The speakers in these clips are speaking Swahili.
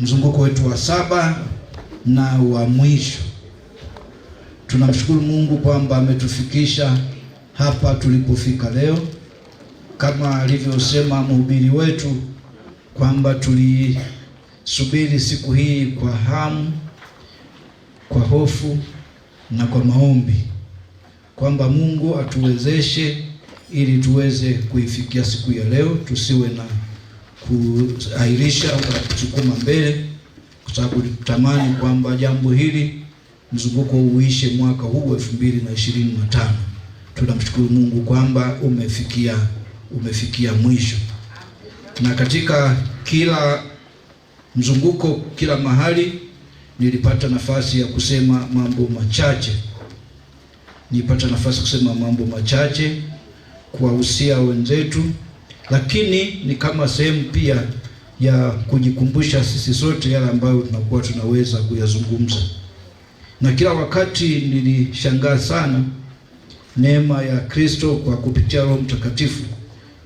mzunguko wetu wa saba na wa mwisho. Tunamshukuru Mungu kwamba ametufikisha hapa tulipofika leo, kama alivyosema mhubiri wetu kwamba tulisubiri siku hii kwa hamu, kwa hofu na kwa maombi, kwamba Mungu atuwezeshe ili tuweze kuifikia siku ya leo, tusiwe na kuahirisha kwa kusukuma mbele, kwa sababu tutamani kwamba jambo hili mzunguko uishe mwaka huu 2025. Tunamshukuru Mungu kwamba umefikia umefikia mwisho, na katika kila mzunguko, kila mahali nilipata nafasi ya kusema mambo machache, nilipata nafasi kusema mambo machache, kuwahusia wenzetu lakini ni kama sehemu pia ya kujikumbusha sisi sote yale ambayo tunakuwa tunaweza kuyazungumza. Na kila wakati nilishangaa sana neema ya Kristo kwa kupitia Roho Mtakatifu.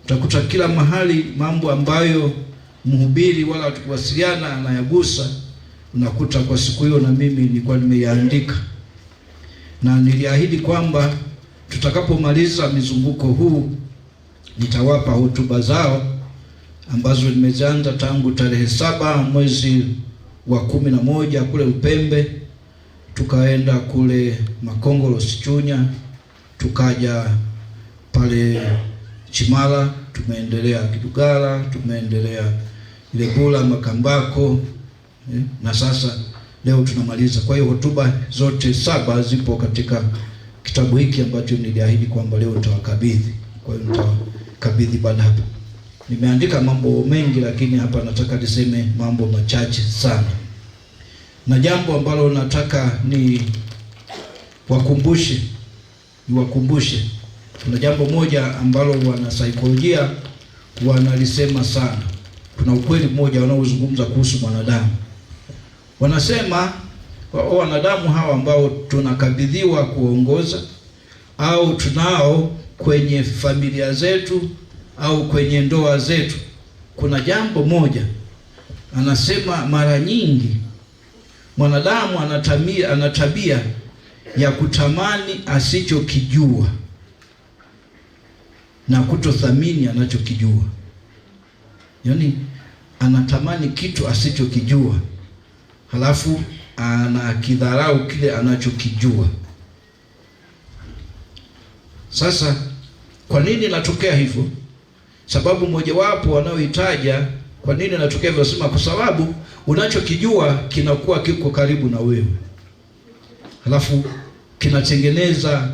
Utakuta kila mahali mambo ambayo mhubiri wala tukuwasiliana anayagusa, unakuta kwa siku hiyo na mimi nilikuwa nimeyaandika, na niliahidi kwamba tutakapomaliza mizunguko huu nitawapa hotuba zao ambazo nimezianza tangu tarehe saba mwezi wa kumi na moja kule Upembe, tukaenda kule Makongolo Sichunya, tukaja pale Chimala, tumeendelea Kidugala, tumeendelea Ilebula, Makambako eh, na sasa leo tunamaliza. Kwa hiyo hotuba zote saba zipo katika kitabu hiki ambacho niliahidi kwamba leo nitawakabidhi. Kwa hiyo nitawakabidhi nikabidhi Barnaba. Nimeandika mambo mengi, lakini hapa nataka niseme mambo machache sana, na jambo ambalo nataka ni wakumbushe niwakumbushe, kuna jambo moja ambalo wanasaikolojia wanalisema sana. Kuna ukweli mmoja wanaozungumza kuhusu mwanadamu, wanasema wanadamu hawa ambao tunakabidhiwa kuongoza au tunao kwenye familia zetu au kwenye ndoa zetu, kuna jambo moja anasema, mara nyingi mwanadamu anatamia, ana tabia ya kutamani asichokijua na kutothamini anachokijua. Yaani anatamani kitu asichokijua, halafu anakidharau kile anachokijua. Sasa kwa nini natokea hivyo? Sababu mojawapo wanaoitaja kwa nini natokea hivyo, sema kwa sababu unachokijua kinakuwa kiko karibu na wewe, halafu kinatengeneza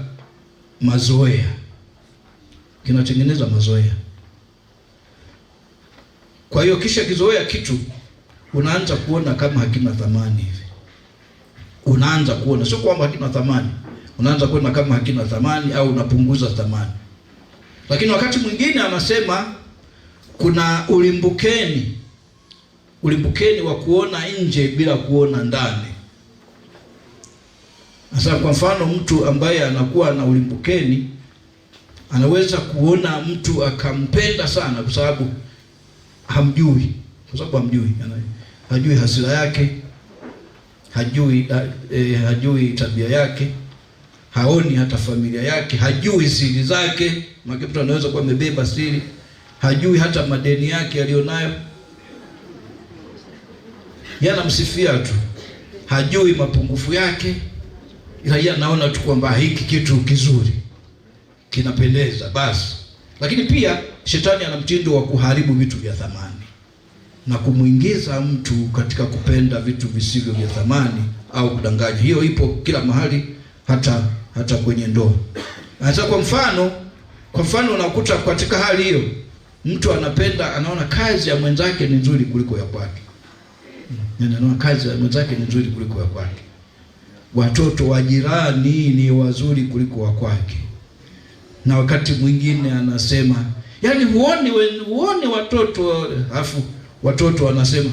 mazoea, kinatengeneza mazoea. Kwa hiyo kisha kizoea kitu, unaanza kuona kama hakina thamani hivi, unaanza kuona sio kwamba hakina thamani, unaanza kuona kama hakina thamani au unapunguza thamani. Lakini wakati mwingine anasema kuna ulimbukeni, ulimbukeni wa kuona nje bila kuona ndani. Sasa kwa mfano, mtu ambaye anakuwa na ulimbukeni anaweza kuona mtu akampenda sana, kwa sababu hamjui, kwa sababu hamjui, hajui hasira yake, hajui eh, hajui tabia yake, haoni hata familia yake, hajui siri zake. Maana mtu anaweza kuwa amebeba siri, hajui hata madeni yake aliyonayo, anamsifia tu, hajui mapungufu yake, ila yeye anaona tu kwamba hiki kitu kizuri kinapendeza basi. Lakini pia shetani ana mtindo wa kuharibu vitu vya thamani na kumwingiza mtu katika kupenda vitu visivyo vya thamani au kudanganya. Hiyo ipo kila mahali, hata hata kwenye ndoa. Anasema kwa mfano kwa mfano, unakuta katika hali hiyo mtu anapenda, anaona kazi ya mwenzake ni nzuri kuliko ya kwake, yaani anaona kazi ya mwenzake ni nzuri kuliko ya kwake. Watoto wa jirani ni wazuri kuliko wa kwake, na wakati mwingine anasema yani, huoni huoni watoto, alafu watoto wanasema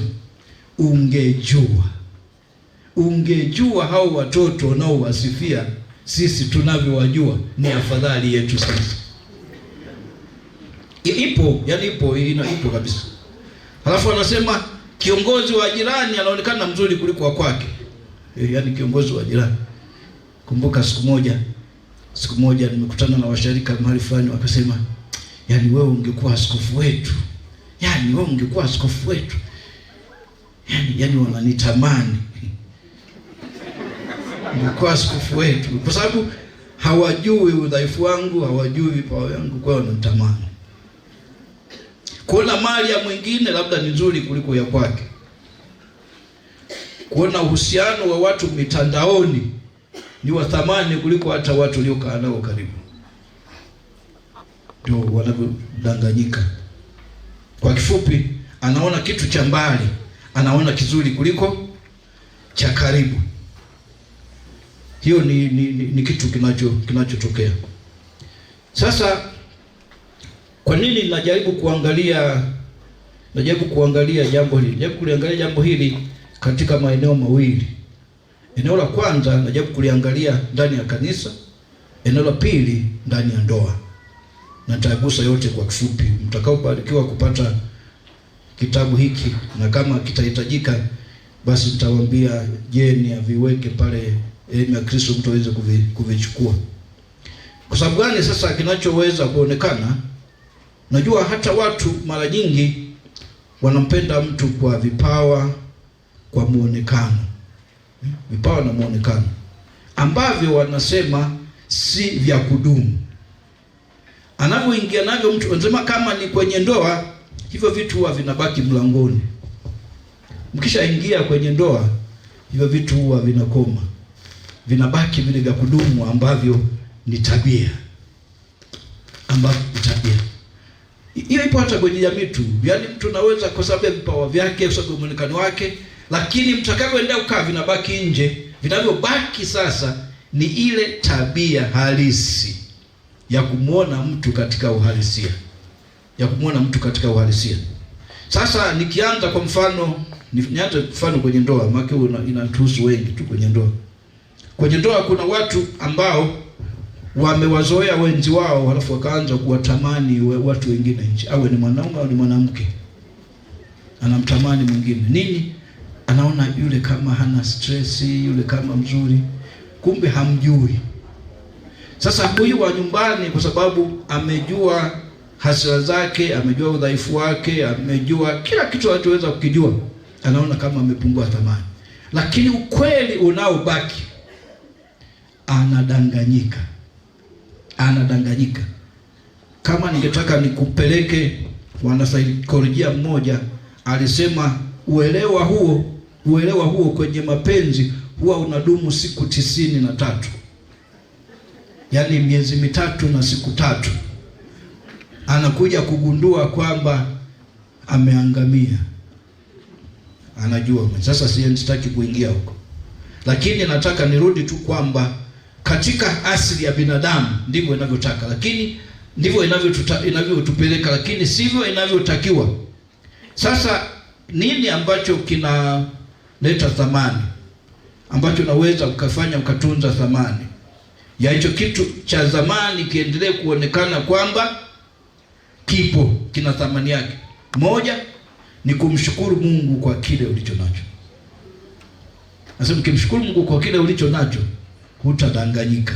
ungejua ungejua hao watoto unaowasifia sisi tunavyowajua, ni afadhali yetu sisi ipo, yani ipo, ina ipo kabisa. Halafu anasema kiongozi wa jirani anaonekana mzuri kuliko wa kwake, e, yani kiongozi wa jirani. Kumbuka siku moja, siku moja nimekutana na washirika mahali fulani, wakasema yani wewe ungekuwa askofu wetu, yani wewe ungekuwa askofu wetu, yani yani wananitamani ungekuwa askofu wetu, kwa sababu hawajui udhaifu wangu, hawajui vipawa yangu, kwa hiyo wananitamani kuona mali ya mwingine labda ni nzuri kuliko ya kwake, kuona uhusiano wa watu mitandaoni ni wa thamani kuliko hata watu waliokaa nao karibu. Ndio wanavyodanganyika. Kwa kifupi, anaona kitu cha mbali, anaona kizuri kuliko cha karibu. Hiyo ni, ni, ni, ni kitu kinachotokea kinacho sasa kwa nini najaribu kuangalia najaribu kuangalia jambo hili? Najaribu kuliangalia jambo hili katika maeneo mawili. Eneo la kwanza najaribu kuliangalia ndani ya kanisa, eneo la pili ndani ya ndoa, na nitagusa yote kwa kifupi. Mtakaobarikiwa kupata kitabu hiki na kama kitahitajika, basi nitawaambia je, ni aviweke pale elimu ya Kristo, mtu aweze kuvichukua. Kwa sababu gani sasa kinachoweza kuonekana Najua hata watu mara nyingi wanampenda mtu kwa vipawa, kwa muonekano, vipawa na muonekano ambavyo wanasema si vya kudumu. Anavyoingia navyo mtu, anasema kama ni kwenye ndoa, hivyo vitu huwa vinabaki mlangoni. Mkishaingia kwenye ndoa, hivyo vitu huwa vinakoma, vinabaki vile vya kudumu ambavyo ni tabia, ambavyo ni tabia hiyo ipo hata kwenye jamii tu, yaani mtu naweza kwa sababu ya vipawa vyake, kwa sababu ya mwonekano wake, lakini mtakavyoenda ukaa vinabaki nje. Vinavyobaki sasa ni ile tabia halisi ya kumwona mtu katika uhalisia, ya kumwona mtu katika uhalisia. Sasa nikianza kwa mfano, nianze mfano kwenye ndoa, maana inatuhusu wengi tu kwenye ndoa. Kwenye ndoa kuna watu ambao wamewazoea wenzi wao, halafu wakaanza kuwatamani we, watu wengine nje, awe ni mwanaume au ni mwanamke, anamtamani mwingine nini, anaona yule kama hana stress, yule kama mzuri, kumbe hamjui. Sasa huyu wa nyumbani, kwa sababu amejua hasira zake, amejua udhaifu wake, amejua kila kitu anachoweza kukijua, anaona kama amepungua thamani, lakini ukweli unaobaki anadanganyika anadanganyika. Kama ningetaka nikupeleke saikolojia mmoja alisema, uelewa huo uelewa huo kwenye mapenzi huwa unadumu siku tisini na tatu, yaani miezi mitatu na siku tatu, anakuja kugundua kwamba ameangamia. Anajua sasa, sitaki kuingia huko, lakini nataka nirudi tu kwamba katika asili ya binadamu ndivyo inavyotaka, lakini ndivyo inavyotupeleka, lakini sivyo inavyotakiwa. Sasa nini ambacho kinaleta thamani ambacho unaweza ukafanya ukatunza thamani ya hicho kitu cha zamani kiendelee kuonekana kwamba kipo kina thamani yake. Moja ni kumshukuru Mungu kwa kile ulicho nacho. Nasema kimshukuru Mungu kwa kile ulicho nacho hutadanganyika.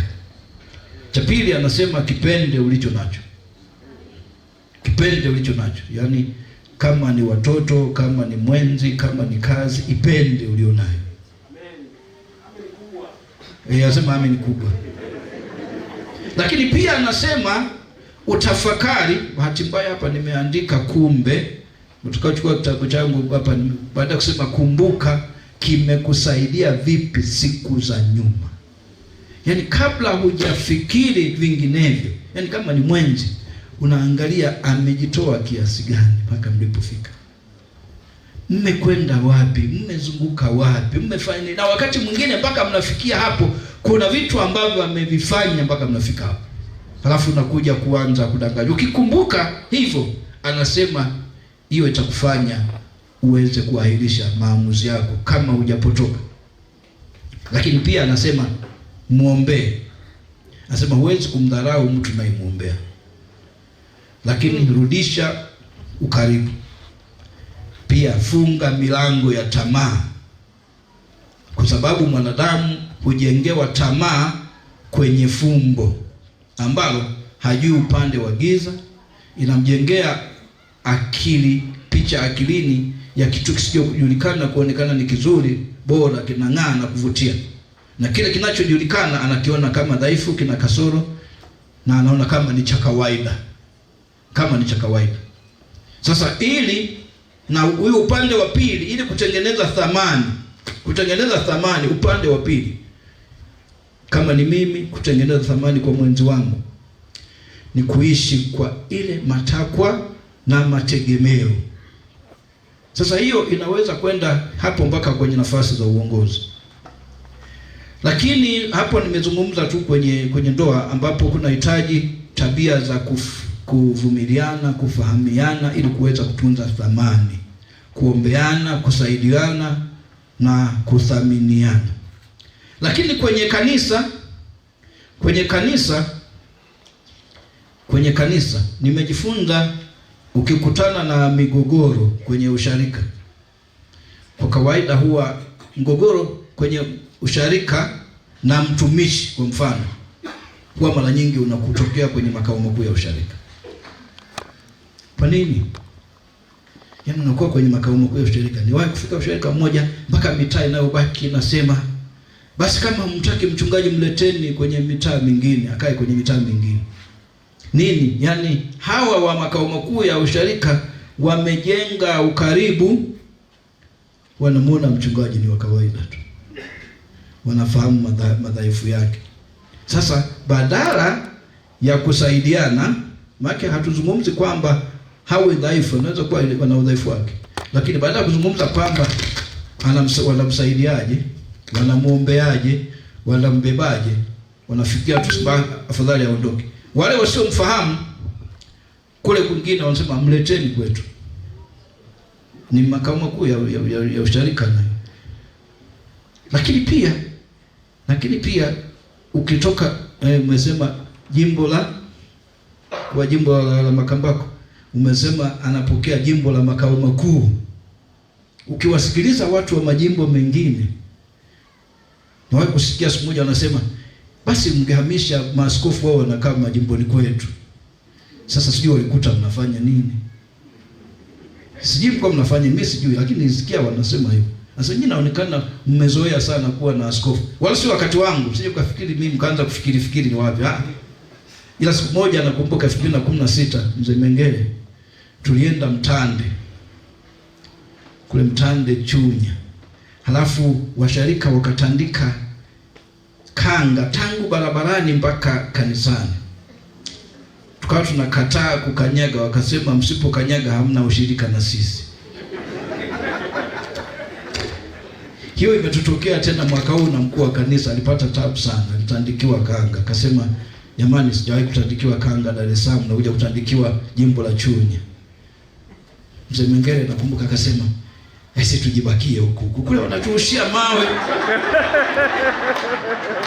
Cha pili anasema kipende ulicho nacho, kipende ulicho nacho, yaani kama ni watoto, kama ni mwenzi, kama ni kazi, ipende ulio nayo. E, anasema kubwa. Lakini pia anasema utafakari. Bahati mbaya hapa nimeandika kumbe, utakachukua kitabu changu hapa, baada ya kusema kumbuka, kimekusaidia vipi siku za nyuma yaani kabla hujafikiri vinginevyo, yani kama ni mwenzi unaangalia amejitoa kiasi gani mpaka mlipofika. Mmekwenda wapi? Mmezunguka wapi? Mmefanya nini? Na wakati mwingine mpaka mnafikia hapo, kuna vitu ambavyo amevifanya mpaka mnafika hapo, halafu unakuja kuanza kudanganya. Ukikumbuka hivyo, anasema hiyo itakufanya uweze kuahirisha maamuzi yako kama hujapotoka. Lakini pia anasema mwombee. Anasema huwezi kumdharau mtu unayemwombea, lakini mrudisha hmm. ukaribu. Pia funga milango ya tamaa, kwa sababu mwanadamu hujengewa tamaa kwenye fumbo ambalo hajui upande wa giza, inamjengea akili picha akilini ya kitu kisichojulikana kuonekana ni kizuri, bora, kinang'aa na kuvutia na kile kinachojulikana anakiona kama dhaifu, kina kasoro, na anaona kama ni cha kawaida, kama ni cha kawaida. Sasa ili na huyu upande wa pili, ili kutengeneza thamani, kutengeneza thamani upande wa pili, kama ni mimi, kutengeneza thamani kwa mwenzi wangu ni kuishi kwa ile matakwa na mategemeo. Sasa hiyo inaweza kwenda hapo mpaka kwenye nafasi za uongozi. Lakini hapo nimezungumza tu kwenye kwenye ndoa ambapo kunahitaji tabia za kuf, kuvumiliana, kufahamiana ili kuweza kutunza thamani, kuombeana, kusaidiana na kuthaminiana. Lakini kwenye kanisa kwenye kanisa kwenye kanisa nimejifunza, ukikutana na migogoro kwenye usharika, kwa kawaida huwa mgogoro kwenye usharika na mtumishi, kwa mfano, kwa mara nyingi unakutokea kwenye makao makuu ya usharika. Kwa nini? Yaani unakuwa kwenye makao makuu ya usharika. wapi kufika usharika mmoja mpaka mitaa inayobaki nasema basi kama mtaki mchungaji mleteni kwenye mitaa mingine, akae kwenye mitaa mingine. Nini? Yaani hawa wa makao makuu ya usharika wamejenga ukaribu, wanamuona mchungaji ni wa kawaida tu wanafahamu madhaifu yake. Sasa badala ya kusaidiana, maana hatuzungumzi kwamba hawe dhaifu, anaweza kuwa ana udhaifu wake, lakini baada ya kuzungumza kwamba wanamsaidiaje, wanamwombeaje, wanambebaje, wanafikia tu afadhali aondoke. Wale wasiomfahamu kule kwingine wanasema mleteni kwetu. Ni makao makuu ya, ya, ya, ya usharika nayo, lakini pia lakini pia ukitoka eh, umesema jimbo la wa jimbo la, la Makambako umesema anapokea jimbo la makao makuu. Ukiwasikiliza watu wa majimbo mengine, nawe kusikia siku moja wanasema basi mngehamisha maaskofu wao wanakaa majimboni kwetu. Sasa sijui walikuta mnafanya nini, sijui mko mnafanya, mimi sijui, lakini nisikia wanasema hivyo. Sasa nyinyi naonekana mmezoea sana kuwa na askofu. Wala si wakati wangu, sije kufikiri mimi mkaanza kufikiri fikiri ni wapi. Ah. Ila siku moja nakumbuka 2016 mzee Mengele tulienda Mtande. Kule Mtande Chunya. Halafu washarika wakatandika kanga tangu barabarani mpaka kanisani. Tukawa tunakataa kukanyaga, wakasema msipokanyaga hamna ushirika na sisi. Hiyo imetutokea tena mwaka huu, na mkuu wa kanisa alipata tabu sana, alitandikiwa kanga. Akasema, jamani, sijawahi kutandikiwa kanga Dar es Salaam, na kuja kutandikiwa jimbo la Chunya. Mzee Mengere nakumbuka akasema, sisi eh, tujibakie huku huku, kule wanaturushia mawe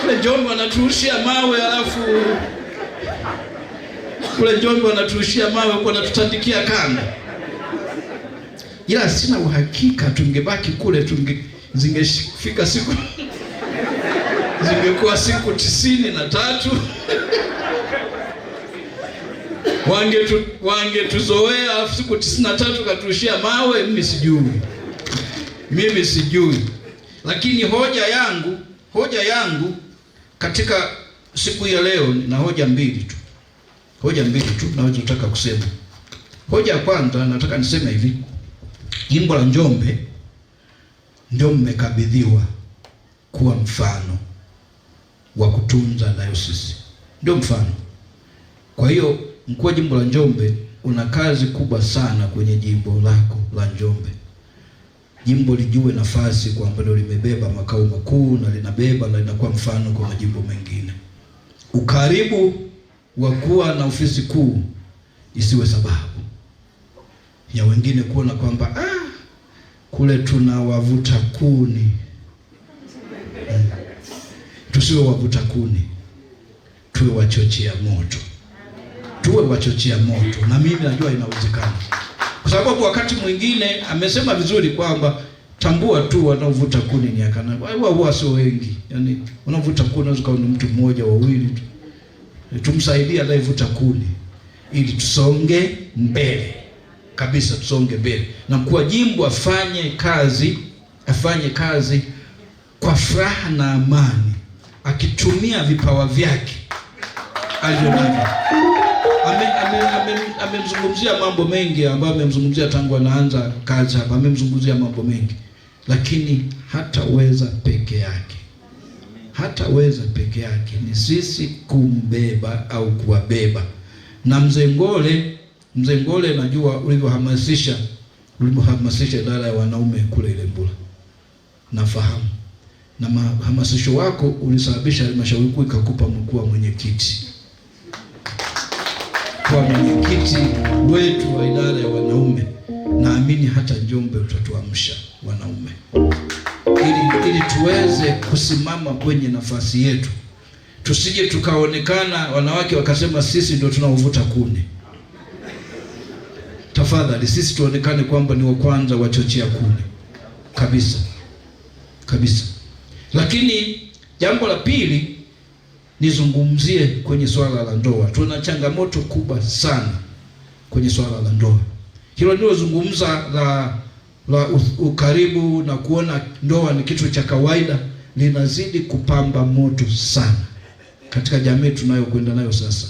kule Njombe wanaturushia mawe, alafu kule Njombe wanaturushia mawe, huko wanatutandikia kanga. Ila sina uhakika tungebaki kule tunge zingefika siku zingekuwa siku tisini na tatu wangetuzoea wange siku tisini na tatu katushia mawe. Mimi sijui, mimi sijui, lakini hoja yangu hoja yangu katika siku ya leo na hoja mbili tu, hoja mbili tu naweza kusema. Hoja ya kwanza nataka niseme hivi, jimbo la Njombe ndio mmekabidhiwa kuwa mfano wa kutunza dayosisi, ndio mfano. Kwa hiyo mkuu wa jimbo la Njombe una kazi kubwa sana kwenye jimbo lako la Njombe. Jimbo lijue nafasi kwamba ndio limebeba makao makuu na linabeba na linakuwa mfano kwa majimbo mengine. Ukaribu wa kuwa na ofisi kuu isiwe sababu ya wengine kuona kwamba ah, kule tunawavuta kuni eh, Tusiwe wavuta kuni, tuwe wachochea moto, tuwe wachochea moto. Na mimi najua inawezekana, kwa sababu wakati mwingine amesema vizuri kwamba tambua tu wanaovuta kuni ni akana, wao, huwa sio wengi, yani wanaovuta kuni unaweza kuwa ni mtu mmoja wawili tu. Eh, tumsaidie anayevuta kuni ili tusonge mbele kabisa, tusonge mbele na mkuu wa jimbo afanye kazi, afanye kazi kwa furaha na amani, akitumia vipawa vyake alivyonavyo. Amemzungumzia ame, ame mambo mengi ambayo amemzungumzia tangu anaanza kazi hapa, amemzungumzia mambo mengi, lakini hataweza peke yake hataweza peke yake, ni sisi kumbeba au kuwabeba. Na mzee Ngole Mzee Ngole najua ulivyohamasisha ulivyohamasisha idara ya wanaume kule Ilembula, nafahamu na mahamasisho wako ulisababisha halmashauri kuu ikakupa mkuu wa mwenyekiti kwa mwenyekiti wetu wa idara ya wanaume. Naamini hata Njombe utatuamsha wanaume ili, ili tuweze kusimama kwenye nafasi yetu, tusije tukaonekana wanawake wakasema sisi ndio tunaovuta kuni tafadhali sisi tuonekane kwamba ni wa kwanza wachochea kule kabisa kabisa. Lakini jambo la pili nizungumzie kwenye swala la ndoa, tuna changamoto kubwa sana kwenye swala la ndoa. Hilo nilozungumza la la ukaribu na kuona ndoa ni kitu cha kawaida linazidi kupamba moto sana katika jamii tunayokwenda nayo sasa,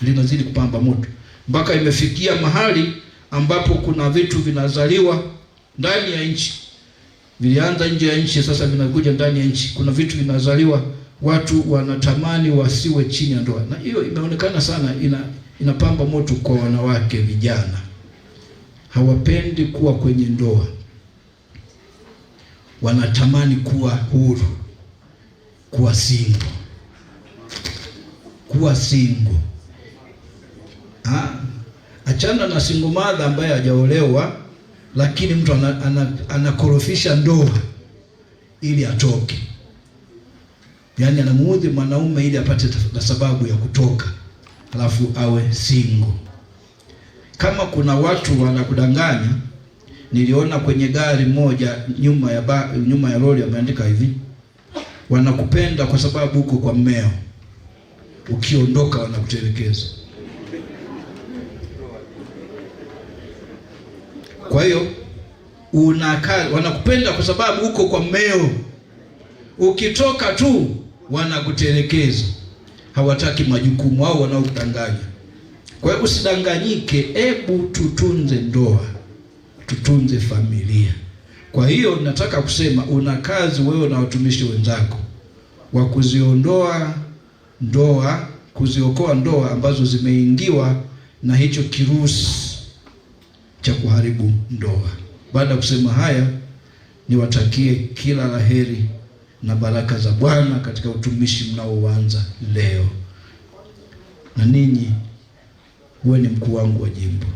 linazidi kupamba moto mpaka imefikia mahali ambapo kuna vitu vinazaliwa ndani ya nchi, vilianza nje ya nchi, sasa vinakuja ndani ya nchi. Kuna vitu vinazaliwa, watu wanatamani wasiwe chini ya ndoa, na hiyo imeonekana sana, ina inapamba moto kwa wanawake vijana, hawapendi kuwa kwenye ndoa, wanatamani kuwa huru, kuwa singo, kuwa singo Ah, achana na single mother ambaye hajaolewa, lakini mtu anakorofisha ana, ana ndoa ili atoke, yaani anamuudhi mwanaume ili apate na sababu ya kutoka, alafu awe single. Kama kuna watu wanakudanganya, niliona kwenye gari moja nyuma ya ba, nyuma ya lori ameandika hivi, wanakupenda kwa sababu uko kwa mmeo, ukiondoka wanakutelekeza. Kwa hiyo unakaa, wanakupenda kwa sababu uko kwa mmeo. Ukitoka tu wanakutelekeza, hawataki majukumu au wanaokudanganya. Kwa hiyo usidanganyike, hebu tutunze ndoa, tutunze familia. Kwa hiyo nataka kusema una kazi wewe na watumishi wenzako wa kuziondoa ndoa, kuziokoa ndoa ambazo zimeingiwa na hicho kirusi cha kuharibu ndoa. Baada ya kusema haya, niwatakie kila laheri na baraka za Bwana katika utumishi mnaoanza leo, na ninyi wewe ni mkuu wangu wa jimbo,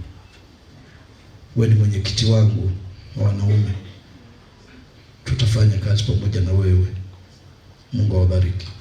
wewe ni mwenyekiti wangu wa wanaume, tutafanya kazi pamoja na wewe. Mungu awabariki.